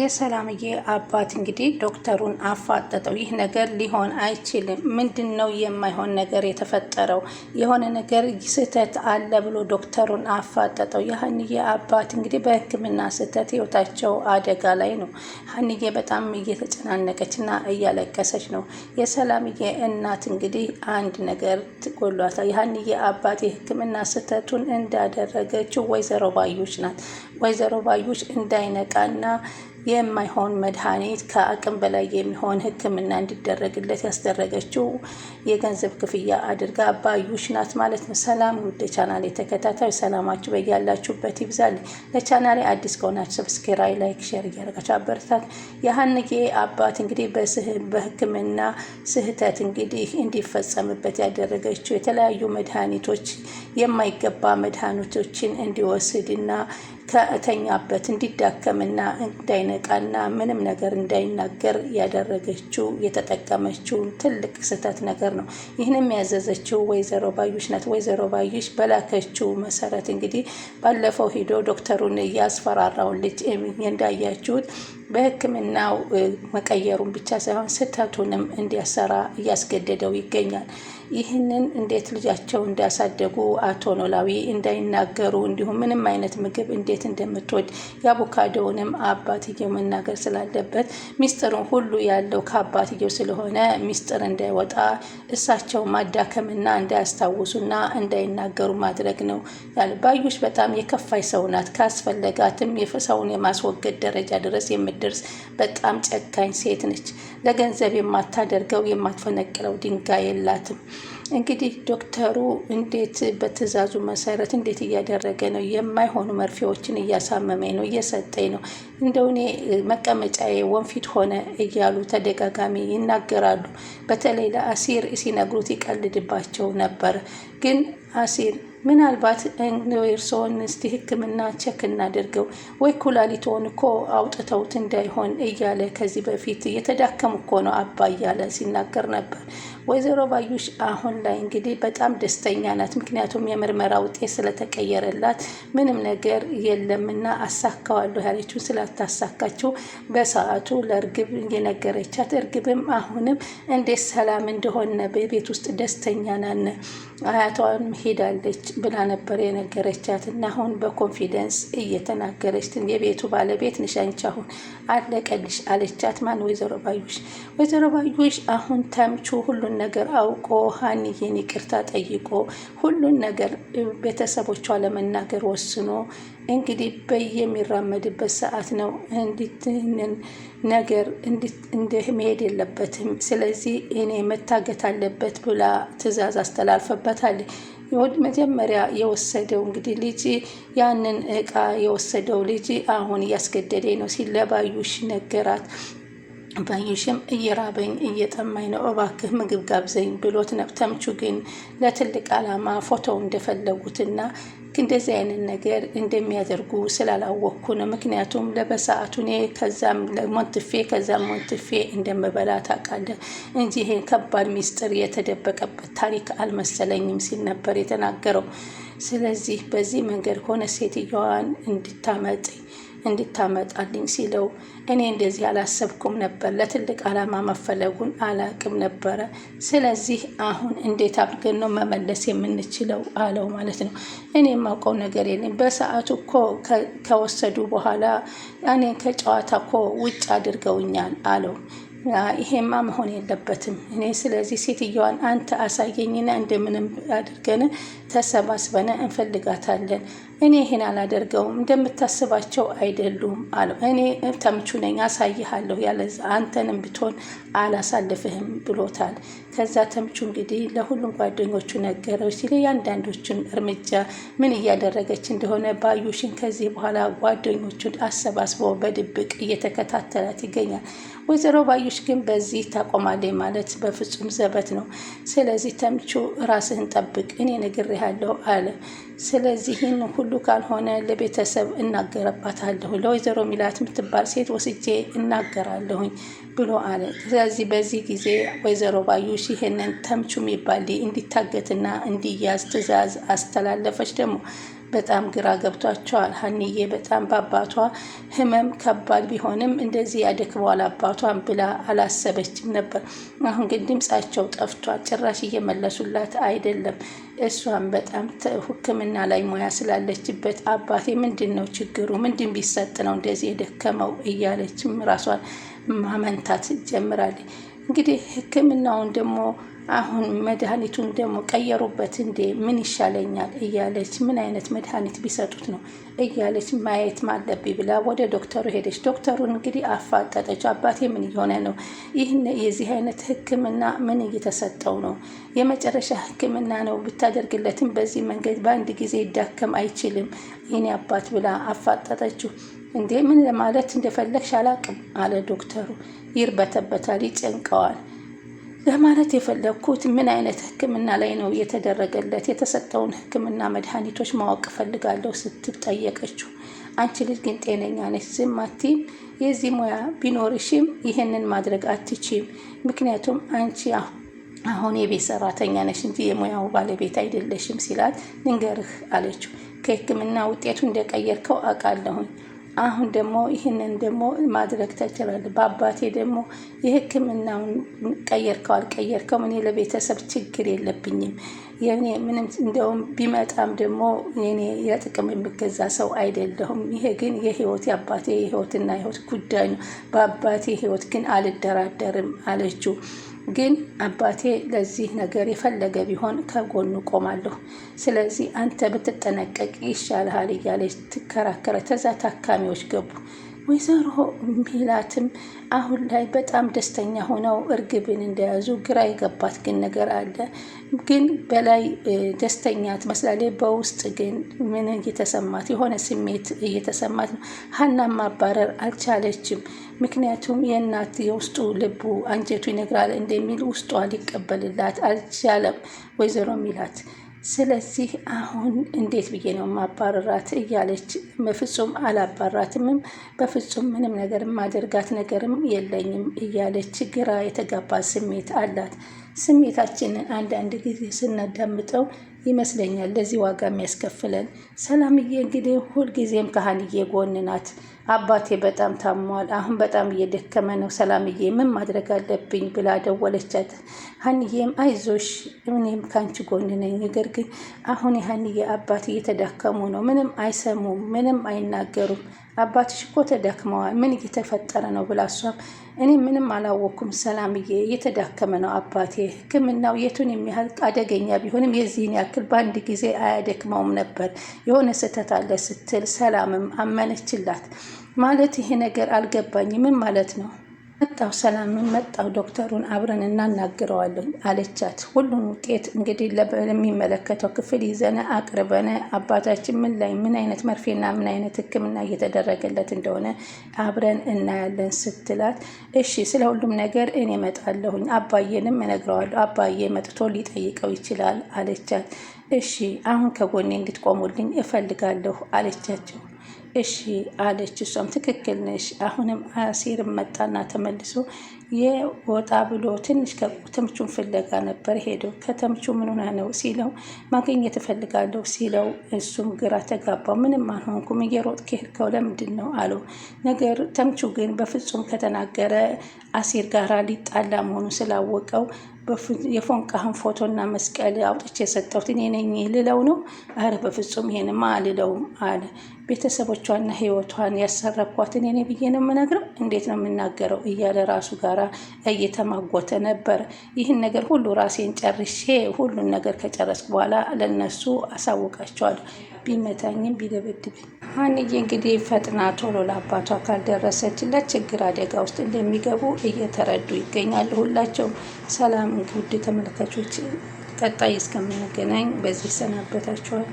የሰላምዬ አባት እንግዲህ ዶክተሩን አፋጠጠው። ይህ ነገር ሊሆን አይችልም። ምንድን ነው የማይሆን ነገር የተፈጠረው? የሆነ ነገር ስህተት አለ ብሎ ዶክተሩን አፋጠጠው። የሀንዬ አባት እንግዲህ በሕክምና ስህተት ህይወታቸው አደጋ ላይ ነው። ሀንዬ በጣም እየተጨናነቀች እና እያለቀሰች ነው። የሰላምዬ እናት እንግዲህ አንድ ነገር ትጎሏታል። የሀንዬ አባት የሕክምና ስህተቱን እንዳደረገችው ወይዘሮ ባዮች ናት። ወይዘሮ ባዩሽ እንዳይነቃና የማይሆን መድኃኒት ከአቅም በላይ የሚሆን ሕክምና እንዲደረግለት ያስደረገችው የገንዘብ ክፍያ አድርጋ ባዩሽ ናት ማለት ነው። ሰላም ውድ ቻናል ተከታታይ ሰላማችሁ በያላችሁበት ይብዛል። ለቻናሌ አዲስ ከሆናችሁ ሰብስክራይ፣ ላይክ፣ ሼር እያደረጋችሁ አበረታት። የሀንጌ አባት እንግዲህ በሕክምና ስህተት እንግዲህ እንዲፈጸምበት ያደረገችው የተለያዩ መድኃኒቶች የማይገባ መድኃኒቶችን እንዲወስድና ከተኛበት እንዲዳከምና እንዳይነቃና ምንም ነገር እንዳይናገር ያደረገችው የተጠቀመችውን ትልቅ ስህተት ነገር ነው። ይህንም ያዘዘችው ወይዘሮ ባዩሽ ናት። ወይዘሮ ባዩሽ በላከችው መሰረት እንግዲህ ባለፈው ሂዶ ዶክተሩን ያስፈራራውን ልጅ እንዳያችሁት በሕክምናው መቀየሩን ብቻ ሳይሆን ስህተቱንም እንዲያሰራ እያስገደደው ይገኛል። ይህንን እንዴት ልጃቸው እንዳሳደጉ አቶ ኖላዊ እንዳይናገሩ እንዲሁም ምንም አይነት ምግብ እንዴት እንደምትወድ የአቮካዶውንም አባትየው መናገር ስላለበት ሚስጥሩን ሁሉ ያለው ከአባትየው ስለሆነ ሚስጥር እንዳይወጣ እሳቸው ማዳከምና እንዳያስታውሱና እንዳይናገሩ ማድረግ ነው። ባዩሽ በጣም የከፋይ ሰው ናት። ካስፈለጋትም ሰውን የማስወገድ ደረጃ ድረስ የምደ ድርስ በጣም ጨካኝ ሴት ነች። ለገንዘብ የማታደርገው የማትፈነቅለው ድንጋይ የላትም። እንግዲህ ዶክተሩ እንዴት በትዕዛዙ መሰረት እንዴት እያደረገ ነው? የማይሆኑ መርፌዎችን እያሳመመኝ ነው፣ እየሰጠኝ ነው። እንደው እኔ መቀመጫዬ ወንፊት ሆነ እያሉ ተደጋጋሚ ይናገራሉ። በተለይ ለአሲር ሲነግሩት ይቀልድባቸው ነበር ግን አሲር ምናልባት እርስዎን እስቲ ሕክምና ቸክ እናደርገው ወይ ኩላሊቶን እኮ አውጥተውት እንዳይሆን እያለ ከዚህ በፊት እየተዳከሙ እኮ ነው አባ እያለ ሲናገር ነበር። ወይዘሮ ባዩሽ አሁን ላይ እንግዲህ በጣም ደስተኛ ናት። ምክንያቱም የምርመራ ውጤት ስለተቀየረላት ምንም ነገር የለምና አሳካዋለሁ ያለችው ስላታሳካችው በሰዓቱ ለእርግብ የነገረቻት እርግብም አሁንም እንዴት ሰላም እንደሆነ በቤት ውስጥ ደስተኛ ናነ አያቷም ሄዳለች ብላ ነበር የነገረቻት እና አሁን በኮንፊደንስ እየተናገረች የቤቱ ባለቤት ነሽ አንቺ አሁን አለቀልሽ አለቻት። ማን ወይዘሮ ባዩሽ። ወይዘሮ ባዩሽ አሁን ተምቹ ሁሉ ሁሉን ነገር አውቆ ሀንዬን ይቅርታ ጠይቆ ሁሉን ነገር ቤተሰቦቿ ለመናገር ወስኖ እንግዲህ በየሚራመድበት ሰዓት ነው እንዲትንን ነገር እንደ መሄድ የለበትም፣ ስለዚህ እኔ መታገት አለበት ብላ ትዕዛዝ አስተላልፈበታል። መጀመሪያ የወሰደው እንግዲህ ልጅ ያንን እቃ የወሰደው ልጅ አሁን እያስገደደኝ ነው ሲለባዩሽ ነገራት። ባዩሽም እየራበኝ እየጠማኝ ነው እባክህ ምግብ ጋብዘኝ ብሎት ነው። ተምቹ ግን ለትልቅ ዓላማ ፎቶው እንደፈለጉትና እንደዚህ አይነት ነገር እንደሚያደርጉ ስላላወቅኩ ነው። ምክንያቱም ለበሰዓቱ እኔ ከዛም ሞንትፌ ከዛም ሞንትፌ እንደምበላ ታውቃለህ እንጂ ይሄን ከባድ ሚስጥር የተደበቀበት ታሪክ አልመሰለኝም ሲል ነበር የተናገረው። ስለዚህ በዚህ መንገድ ሆነ ሴትዮዋን እንድታመጥ እንድታመጣልኝ ሲለው እኔ እንደዚህ አላሰብኩም ነበር፣ ለትልቅ ዓላማ መፈለጉን አላቅም ነበረ። ስለዚህ አሁን እንዴት አድርገን ነው መመለስ የምንችለው አለው ማለት ነው። እኔ የማውቀው ነገር የለም። በሰዓቱ እኮ ከወሰዱ በኋላ እኔን ከጨዋታ እኮ ውጭ አድርገውኛል አለው። ይሄማ መሆን የለበትም። እኔ ስለዚህ ሴትየዋን አንተ አሳየኝና እንደምንም አድርገን ተሰባስበን እንፈልጋታለን እኔ ይሄን አላደርገውም እንደምታስባቸው አይደሉም አለው። እኔ ተምቹ ነኝ አሳይሃለሁ፣ ያለዛ አንተንም ብትሆን አላሳልፍህም ብሎታል። ከዛ ተምቹ እንግዲህ ለሁሉም ጓደኞቹ ነገረው ሲል ያንዳንዶችን እርምጃ ምን እያደረገች እንደሆነ ባዩሽን ከዚህ በኋላ ጓደኞቹን አሰባስበው በድብቅ እየተከታተላት ይገኛል። ወይዘሮ ባዩሽ ግን በዚህ ታቆማለች ማለት በፍጹም ዘበት ነው። ስለዚህ ተምቹ ራስህን ጠብቅ፣ እኔ ነግሬሃለሁ አለ ስለዚህ ይህን ሁሉ ካልሆነ ለቤተሰብ እናገረባታለሁ ለወይዘሮ ሚላት የምትባል ሴት ወስጄ እናገራለሁኝ ብሎ አለ። ስለዚህ በዚህ ጊዜ ወይዘሮ ባዩሽ ይህንን ተምቹ የሚባል እንዲታገትና እንዲያዝ ትዕዛዝ አስተላለፈች ደግሞ በጣም ግራ ገብቷቸዋል። ሀኒዬ በጣም በአባቷ ህመም ከባድ ቢሆንም እንደዚህ ያደክመዋል አባቷን ብላ አላሰበችም ነበር። አሁን ግን ድምፃቸው ጠፍቷል፣ ጭራሽ እየመለሱላት አይደለም። እሷን በጣም ሕክምና ላይ ሙያ ስላለችበት አባቴ ምንድን ነው ችግሩ? ምንድን ቢሰጥ ነው እንደዚህ የደከመው? እያለችም ራሷን ማመንታት ጀምራለች። እንግዲህ ህክምናውን ደግሞ አሁን መድኃኒቱን ደግሞ ቀየሩበት እንዴ ምን ይሻለኛል እያለች ምን አይነት መድኃኒት ቢሰጡት ነው እያለች ማየት ማለብ ብላ ወደ ዶክተሩ ሄደች። ዶክተሩን እንግዲህ አፋጠጠች። አባቴ ምን እየሆነ ነው? ይህን የዚህ አይነት ህክምና ምን እየተሰጠው ነው? የመጨረሻ ህክምና ነው ብታደርግለትም በዚህ መንገድ በአንድ ጊዜ ይዳከም አይችልም። ይኔ አባት ብላ አፋጠጠችው። እንዴ ምን ለማለት እንደፈለግሽ አላቅም አለ ዶክተሩ። ይርበተበታል፣ ይጨንቀዋል። ለማለት የፈለግኩት ምን አይነት ሕክምና ላይ ነው እየተደረገለት የተሰጠውን ሕክምና መድኃኒቶች ማወቅ እፈልጋለሁ ስትል ጠየቀችው። አንቺ ልጅ ግን ጤነኛ ነች፣ ዝም አትይም። የዚህ ሙያ ቢኖርሽም ይህንን ማድረግ አትችም። ምክንያቱም አንቺ አሁን የቤት ሰራተኛ ነሽ እንጂ የሙያው ባለቤት አይደለሽም ሲላት፣ ንገርህ አለችው። ከህክምና ውጤቱ እንደቀየርከው አውቃለሁኝ አሁን ደግሞ ይህንን ደግሞ ማድረግ ተችሏል። በአባቴ ደግሞ የሕክምናውን ቀየርከው አልቀየርከው እኔ ለቤተሰብ ችግር የለብኝም። የኔ ምንም እንደውም ቢመጣም ደግሞ የኔ የጥቅም የሚገዛ ሰው አይደለሁም። ይሄ ግን የህይወት የአባቴ የህይወትና ህይወት ጉዳይ ነው። በአባቴ ህይወት ግን አልደራደርም አለችው። ግን አባቴ ለዚህ ነገር የፈለገ ቢሆን ከጎኑ ቆማለሁ። ስለዚህ አንተ ብትጠነቀቅ ይሻልሃል እያለች ትከራከረ። ተዛ ታካሚዎች ገቡ። ወይዘሮ ሚላትም አሁን ላይ በጣም ደስተኛ ሆነው እርግብን እንደያዙ ግራ የገባት ግን ነገር አለ። ግን በላይ ደስተኛ ትመስላለች፣ በውስጥ ግን ምን እየተሰማት የሆነ ስሜት እየተሰማት ነው። ሀናን ማባረር አልቻለችም። ምክንያቱም የእናት የውስጡ ልቡ አንጀቱ ይነግራል እንደሚል ውስጧ ሊቀበልላት አልቻለም ወይዘሮ ሚላት ስለዚህ አሁን እንዴት ብዬ ነው ማባረራት? እያለች በፍጹም አላባራትምም፣ በፍጹም ምንም ነገር ማደርጋት ነገርም የለኝም እያለች ግራ የተጋባ ስሜት አላት። ስሜታችንን አንዳንድ ጊዜ ስናዳምጠው ይመስለኛል ለዚህ ዋጋ የሚያስከፍለን። ሰላምዬ እንግዲህ ሁልጊዜም ከሀንዬ ጎን ናት። አባቴ በጣም ታሟል፣ አሁን በጣም እየደከመ ነው፣ ሰላምዬ ምን ማድረግ አለብኝ ብላ ደወለቻት። ሀንዬም አይዞሽ፣ እኔም ከአንቺ ጎን ነኝ፣ ነገር ግን አሁን የሀንዬ አባት እየተዳከሙ ነው፣ ምንም አይሰሙም፣ ምንም አይናገሩም። አባትሽ እኮ ተዳክመዋል፣ ምን እየተፈጠረ ነው ብላ እሷም እኔ ምንም አላወቅኩም ሰላምዬ፣ እየተዳከመ ነው አባቴ። ሕክምናው የቱን የሚያህል አደገኛ ቢሆንም የዚህን ያክል በአንድ ጊዜ አያደክመውም ነበር። የሆነ ስህተት አለ ስትል ሰላምም አመነችላት። ማለት ይሄ ነገር አልገባኝ። ምን ማለት ነው? መጣው ሰላምን መጣው ዶክተሩን አብረን እናናግረዋለን አለቻት። ሁሉን ውጤት እንግዲህ ለሚመለከተው ክፍል ይዘነ አቅርበነ አባታችን ምን ላይ ምን አይነት መርፌና ምን አይነት ሕክምና እየተደረገለት እንደሆነ አብረን እናያለን ስትላት፣ እሺ ስለ ሁሉም ነገር እኔ መጣለሁኝ አባዬንም እነግረዋለሁ አባዬ መጥቶ ሊጠይቀው ይችላል አለቻት። እሺ አሁን ከጎኔ እንድትቆሙልኝ እፈልጋለሁ አለቻቸው። እሺ አለች። እሷም ትክክል ነሽ። አሁንም አሲር መጣና ተመልሶ የወጣ ብሎ ትንሽ ከተምቹን ፍለጋ ነበር ሄደው። ከተምቹ ምን ሆና ነው ሲለው ማግኘት እፈልጋለሁ ሲለው እሱም ግራ ተጋባው። ምንም አልሆንኩም እየሮጥ ከሄድከው ለምንድን ነው አለው። ነገር ተምቹ ግን በፍጹም ከተናገረ አሲር ጋራ ሊጣላ መሆኑ ስላወቀው የፎንቃህን ፎቶና መስቀል አውጥቼ የሰጠሁት እኔ ነኝ ልለው ነው? አረ በፍጹም ይሄንማ አልለውም አለ። ቤተሰቦቿና ህይወቷን ያሰረኳት እኔ ነኝ ብዬ ነው የምነግረው? እንዴት ነው የምናገረው? እያለ ራሱ ጋራ እየተማጎተ ነበር። ይህን ነገር ሁሉ ራሴን ጨርሼ ሁሉን ነገር ከጨረስኩ በኋላ ለነሱ አሳውቃቸዋለሁ። ቢመታኝም ቢደበድብኝ። ሀንዬ እንግዲህ ፈጥና ቶሎ ለአባቷ ካልደረሰችለት ችግር አደጋ ውስጥ እንደሚገቡ እየተረዱ ይገኛሉ። ሁላቸውም ሰላም ውድ ተመልካቾች፣ ቀጣይ እስከምንገናኝ በዚህ ይሰናበታችኋል።